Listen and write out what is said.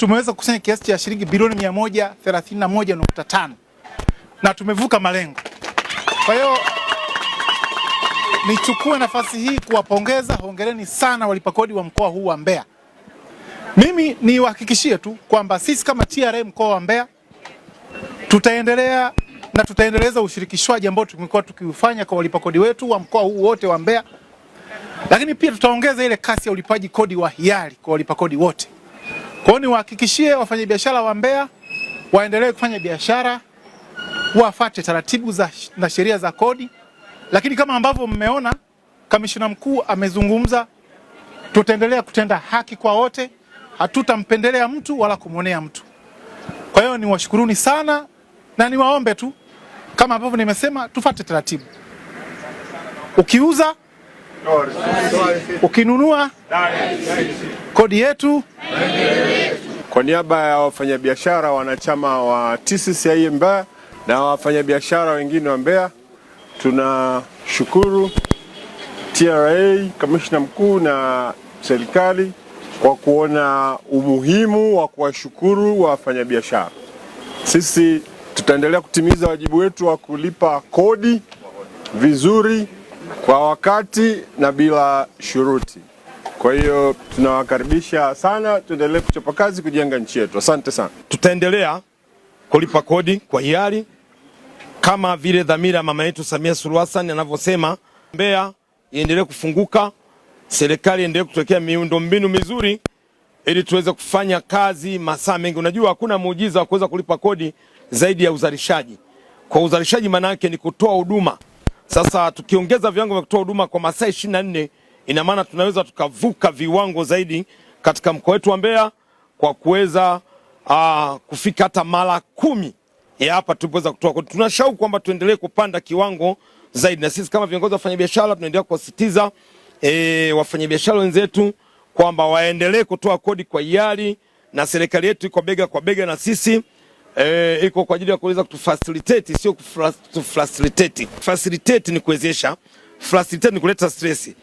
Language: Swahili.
tumeweza kukusanya kiasi cha shilingi bilioni 131.5 na tumevuka malengo. Kwa hiyo nichukue nafasi hii kuwapongeza, hongereni sana walipakodi wa mkoa huu wa Mbeya. Mimi niwahakikishie tu kwamba sisi kama TRA mkoa wa Mbeya tutaendelea na tutaendeleza ushirikishwaji ambao tumekuwa tukiufanya kwa walipakodi wetu wa mkoa huu wote wa Mbeya, lakini pia tutaongeza ile kasi ya ulipaji kodi wa hiari kwa walipakodi wote. Kwa hiyo niwahakikishie wafanyabiashara wa Mbeya waendelee kufanya biashara, wafate taratibu za na sheria za kodi, lakini kama ambavyo mmeona kamishina mkuu amezungumza, tutaendelea kutenda haki kwa wote, hatutampendelea mtu wala kumwonea mtu. Kwa hiyo niwashukuruni sana na niwaombe tu kama ambavyo nimesema, tufate taratibu. Ukiuza, ukinunua, kodi yetu kwa niaba ya wafanyabiashara wanachama wa TCCIA Mbeya na wafanyabiashara wengine wa Mbeya, tunashukuru TRA, kamishna mkuu na serikali kwa kuona umuhimu wa kuwashukuru wafanyabiashara. Sisi tutaendelea kutimiza wajibu wetu wa kulipa kodi vizuri kwa wakati na bila shuruti. Kwa hiyo tunawakaribisha sana, tuendelee kuchapa kazi kujenga nchi yetu. Asante sana. Tutaendelea kulipa kodi kwa hiari kama vile dhamira mama yetu Samia Suluhu Hassan anavyosema, Mbeya iendelee kufunguka, serikali iendelee miundo mbinu mizuri ili tuweze kufanya kazi masaa mengi. Unajua hakuna muujiza wa kuweza kulipa kodi zaidi ya uzalishaji. Kwa uzalishaji maana yake ni kutoa huduma. Sasa tukiongeza viwango vya kutoa huduma kwa masaa 24 Ina maana tunaweza tukavuka viwango zaidi katika mkoa wetu wa Mbeya kwa kuweza uh, kufika hata mara kumi ya hapa tulipoweza kutoa. Tuna shauku kwamba tuendelee kupanda kiwango zaidi, na sisi kama viongozi wa wafanyabiashara tunaendelea kuwasisitiza e, wafanyabiashara wenzetu kwamba waendelee kutoa kodi kwa hiari, na serikali yetu iko bega kwa bega na sisi e, iko kwa ajili ya kuweza kutufacilitate, sio kufacilitate. Facilitate ni kuwezesha, facilitate ni kuleta stress.